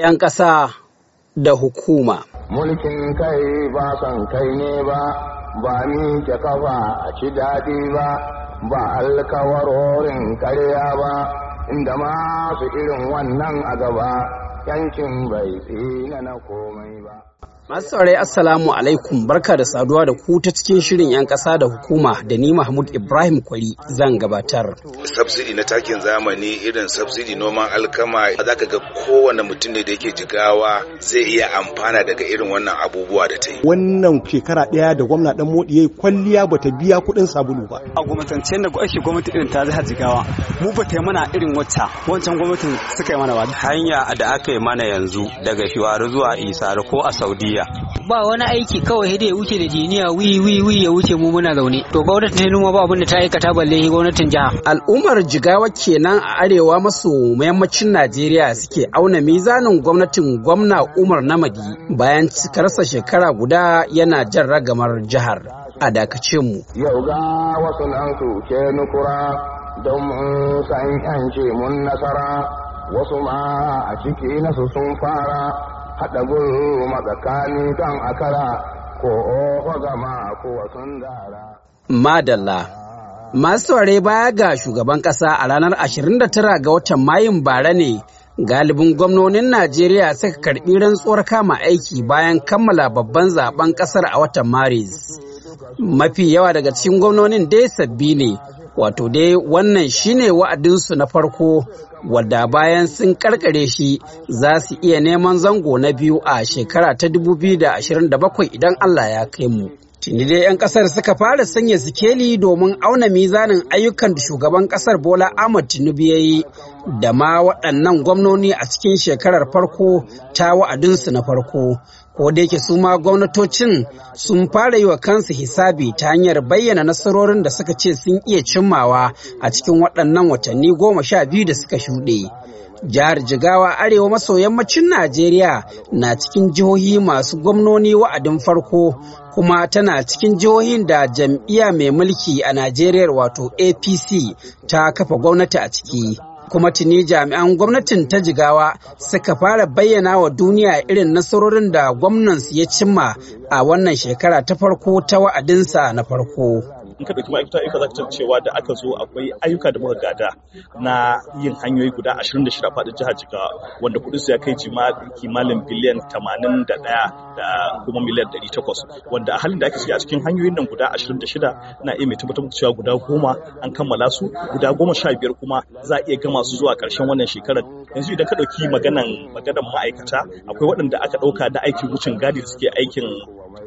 'yan ƙasa da hukuma. Mulkin kai ba son kai ne ba, ba ke kafa a ci daɗi ba, ba alkawarorin karya ba, inda masu irin wannan a gaba, yankin bai tsina na komai ba. Masu saurari Assalamu alaikum barka da saduwa da ku ta cikin shirin 'yan ƙasa da hukuma da ni Mahmud Ibrahim Kwari zan gabatar. Subsidi na takin zamani irin subsidi noman alkama za ka ga kowane mutum ne da yake jigawa zai iya amfana daga irin wannan abubuwa da ta yi. Wannan shekara ɗaya da gwamna ɗan moɗi ya yi kwalliya ba ta biya kuɗin sabulu ba. A gwamnatance da ake gwamnati irin ta zaha jigawa mu ba ta yi mana irin wata, wancan gwamnatin suka yi mana ba. Hanya da aka yi mana yanzu daga Shiwaru zuwa Isar ko a Saudiya tafiya ba wani aiki kawai da ya wuce da jiniya wi wi wi ya wuce mu muna zaune to gwamnatin ta noma ba abin da ta aikata balle gwamnatin jiha al'ummar jigawa kenan a arewa maso yammacin najeriya suke auna mizanin gwamnatin gwamna umar namadi bayan cikarsa shekara guda yana jan ragamar jihar a dakace mu yau ga wasu nan su ke nukura don mun san mun nasara wasu ma a ciki nasu sun fara haɗa guru Madalla Masu ware baya ga shugaban ƙasa a ranar 29 ga watan Mayun bara ne galibin gwamnonin Najeriya suka karɓi rantsuwar kama aiki bayan kammala babban zaben ƙasar a watan Maris. Mafi yawa daga cikin gwamnonin dai sabbi ne wato dai wannan shine wa'adinsu na farko wadda bayan sun karkare shi za su iya neman zango na biyu a shekara ta 2027 idan Allah ya kai mu. Tuni dai 'yan kasar suka fara sanya sikeli domin auna mizanin ayyukan shugaban ƙasar Bola Ahmad Tinubu ya yi da ma waɗannan gwamnoni a cikin shekarar farko ta wa'adinsu na farko. Ko da yake su ma gwamnatocin sun fara yi wa kansu hisabi ta hanyar bayyana nasarorin da suka ce sun iya cimmawa a cikin waɗannan watanni goma sha biyu da suka shuɗe. Jihar Jigawa Arewa maso yammacin Najeriya na cikin jihohi masu gwamnoni wa'adin farko kuma tana cikin jihohin da jam'iyya mai mulki a Najeriya wato APC ta kafa gwamnati a ciki. Kuma tuni jami'an gwamnatin ta jigawa suka fara bayyana wa duniya irin nasarorin da gwamnansu ya cimma a wannan shekara ta farko ta wa'adinsa na farko. in ka dauki ma'aikata ayyuka ka cewa da aka zo akwai ayyuka da muka gada na yin hanyoyi guda 26 a faɗin jihar jika wanda kuɗin ya kai kimanin biliyan 81 da kuma miliyan 800 wanda a halin da ake ciki a cikin hanyoyin nan guda 26 na iya mai tabbatar muku cewa guda goma an kammala su guda goma sha biyar kuma za a iya gama su zuwa ƙarshen wannan shekarar yanzu idan ka ɗauki maganan maganan ma'aikata akwai waɗanda aka ɗauka da aikin wucin gadi da suke aikin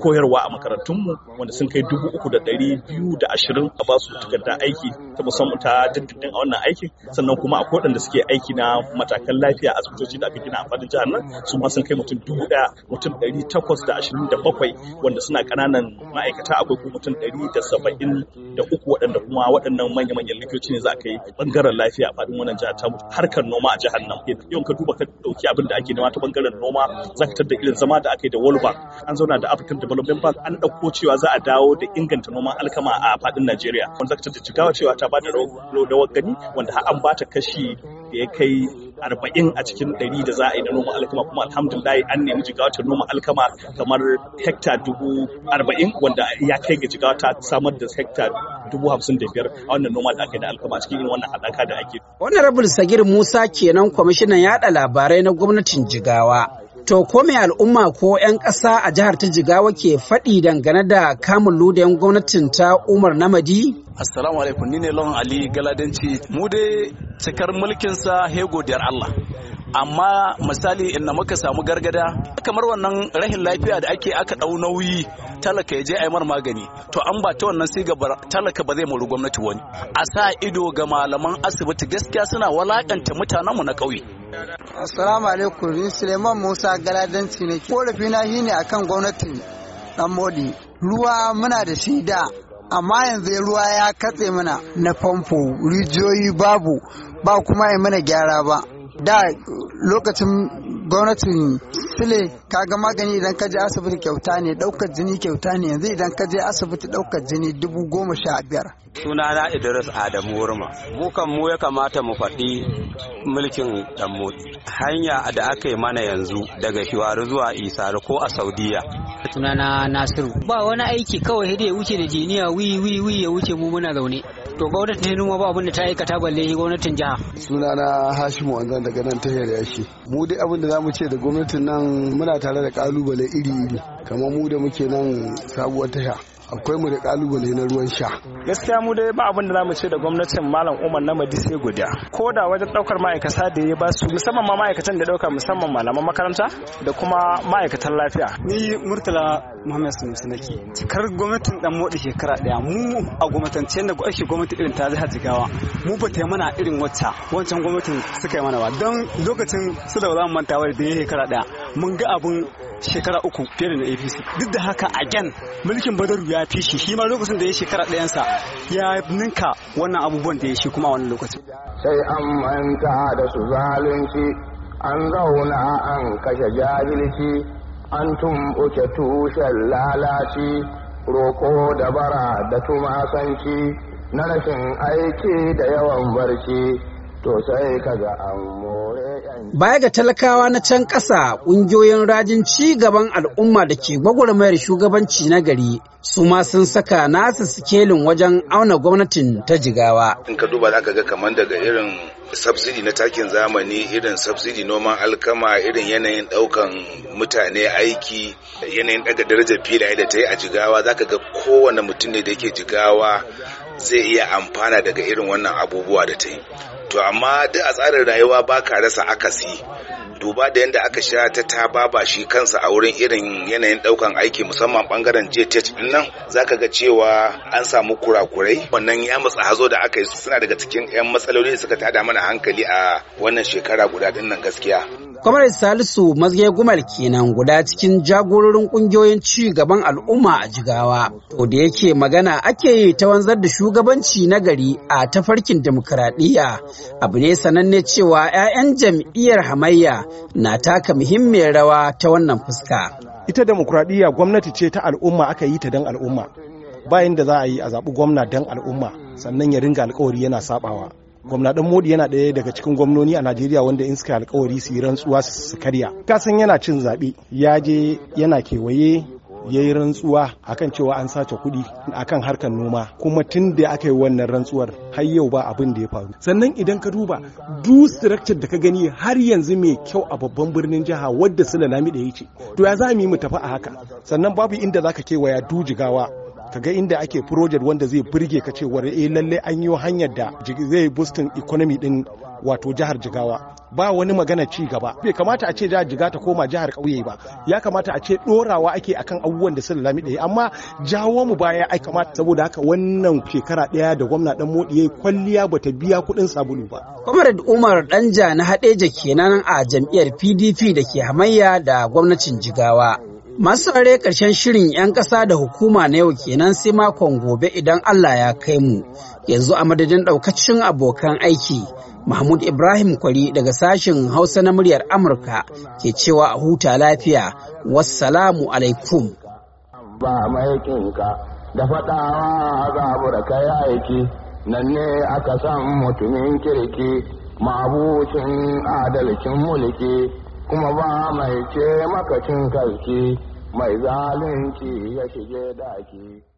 koyarwa a makarantunmu wanda sun kai dubu uku da ɗari biyu da ashirin a basu takarda aiki ta musamman ta dindindin a wannan aikin sannan kuma a koɗanda suke aiki na matakan lafiya a asibitoci da abin gina amfanin jihar nan su ma sun kai mutum dubu ɗaya mutum ɗari takwas da ashirin da bakwai wanda suna ƙananan ma'aikata akwai kuma mutum ɗari da saba'in da uku waɗanda kuma waɗannan manya-manyan likitoci ne za ka yi ɓangaren lafiya a faɗin wannan jihar ta harkar noma a jihar nan yau ka duba ka ɗauki abin da ake nema ta ɓangaren noma za ka da irin zama da aka yi da wolba an zauna da African Development Bank an ɗauko cewa za a dawo da inganta noman alkama a faɗin Najeriya. Wanda zaka jigawa cewa cewa ta bada rawar gani wanda har an bata kashi da ya kai arba'in a cikin ɗari da za a yi na noman alkama kuma alhamdulillah an nemi jigawata noman alkama kamar hekta dubu arba'in wanda ya kai ga jigawata samar da hekta dubu hamsin da biyar a wannan noma da aka yi da alkama cikin irin wannan haɗaka da ake. Honorable Sagir Musa kenan kwamishinan yaɗa labarai na gwamnatin Jigawa. To ko mai al'umma ko 'yan ƙasa a jihar ta Jigawa ke faɗi dangane da kamun ludayen gwamnatin ta Umar Namadi? Assalamu alaikum ni ne Lawan Ali Galadanci. Mu dai cikar mulkinsa hego Diyar Allah. amma misali inda muka samu gargada kamar wannan rahin lafiya da ake aka dau nauyi talaka ya je a mar magani to an ba ta wannan siga talaka ba zai mori gwamnati wani a sa ido ga malaman asibiti gaskiya suna walakanta mutanenmu na ƙauye Assalamu alaikum, ni Suleiman Musa Galadanci ne. Korafi na shi akan gwamnati dan Modi. Ruwa muna da shi da, amma yanzu ruwa ya katse mana na famfo, rijiyoyi babu, ba kuma yi mana gyara ba. Da lokacin gwamnatin sile ga magani idan ka je asibiti kyauta ne daukar jini kyauta ne yanzu idan ka je asibiti daukar jini dubu goma sha biyar Suna na idris adamu wurma bukan mu ya kamata mu faɗi mulkin ɗanmu hanya da aka yi mana yanzu daga shiwaru zuwa isar ko a saudiya na nasiru ba wani aiki kawai da ya wuce da jiniya wi wi wi ya wuce mu muna zaune to gwamnatin hidima ba abin da ta aikata balle gwamnatin jiha na hashimu wanzan daga nan ta yashi mu dai abin da zamu ce da gwamnatin nan muna tare da kalubale iri iri kamar mu da muke nan sabuwar tasha akwai mu da kalubale na ruwan sha gaskiya mu dai ba abin da zamu ce da gwamnatin malam Umar na Madi sai godiya ko da wajen daukar ma'aikata da ya ba su musamman ma ma'aikatan da dauka musamman malaman makaranta da kuma ma'aikatan lafiya ni Murtala Muhammad Sunusi nake cikar gwamnatin dan motsi shekara daya mu a gwamnatance da ake gwamnati irin ta jihar Jigawa mu ba ta mana irin wacce wancan gwamnatin suka yi mana ba don lokacin su da ba za mu manta da ya shekara daya mun ga abun shekara uku fiye da na apc duk da haka a again mulkin badaru ya fi shi shi ma lokacin da ya shekara ɗayansa ya ninka wannan abubuwan da ya shi kuma wani lokacin sai an manta da su zalunci an zauna an kashe jahilci an tumɓuke tushen lalaci roko da bara da tumasanci na rashin aiki da yawan barci to sai kaga an more Baya ga talakawa na can ƙasa ƙungiyoyin rajin ci gaban al'umma da ke gwagwarmayar shugabanci na gari su ma sun saka nasu sikelin wajen auna gwamnatin ta jigawa. In ka duba za ka ga kamar daga irin subsidi na takin zamani irin subsidi noman alkama irin yanayin ɗaukan mutane aiki yanayin ɗaga darajar filaye da ta yi a jigawa zaka ga kowane mutum ne da yake jigawa zai iya amfana daga irin wannan abubuwa da ta yi to amma duk a tsarin rayuwa ba ka rasa akasi duba da yadda aka sha ta ta baba shi kansa a wurin irin yanayin daukan aiki musamman bangaren JTH din nan zaka ga cewa an samu kurakurai wannan ya matsa hazo da aka yi suna daga cikin yan matsaloli da suka tada mana hankali a wannan shekara guda din nan gaskiya Kwamar Salisu Mazge Gumal kenan guda cikin jagororin kungiyoyin ci gaban al'umma a Jigawa. To da yake magana ake yi ta wanzar da shugabanci na gari a tafarkin demokuraɗiyya. Abu ne sananne cewa 'ya'yan jam'iyyar hamayya na taka muhimmiyar rawa ta wannan fuska. Ita demokuraɗiyya gwamnati ce ta al'umma aka yi ta dan al'umma. Bayan da za a yi a zaɓi gwamna dan al'umma sannan ya ringa alkawari yana saɓawa. gwamna dan modi yana daya daga cikin gwamnoni a najeriya wanda in suka alkawari su yi rantsuwa su karya kasan yana cin zaɓe ya je yana kewaye ya yi rantsuwa akan cewa an sace kuɗi akan harkar noma kuma tun da aka yi wannan rantsuwar har yau ba abin da ya faru sannan idan ka duba du structure da ka gani har yanzu mai kyau a babban birnin jiha wadda sula lalami da ya ce to ya za mu yi mu tafi a haka sannan babu inda za zaka kewaya du jigawa Ka ga inda ake project wanda zai burge ka cewar eh lalle an yi hanyar da zai boosting economy din wato jihar jigawa ba wani magana ci gaba bai kamata a ce jihar jiga ta koma jihar kauye ba ya kamata a ce dorawa ake akan abubuwan da sun lami ɗaya amma jawo mu baya ai kamata saboda haka wannan shekara ɗaya da gwamna dan modi yayi kwalliya bata biya kuɗin sabulu ba comrade umar danja na haɗeja kenan a jam'iyyar pdp da ke hamayya da gwamnatin jigawa Masu saurare ƙarshen shirin 'yan ƙasa da hukuma na yau kenan sai makon gobe idan Allah ya kai mu. Yanzu a madadin ɗaukacin abokan aiki, Mahmud Ibrahim Kwari daga sashen Hausa na muryar Amurka ke cewa a huta lafiya. Wassalamu alaikum. Ba da faɗawa kai aiki, nan ne aka san mutumin kirki, mabucin adalcin mulki. kuma ba mai ce makacin karki mai zalunci ya shige daki.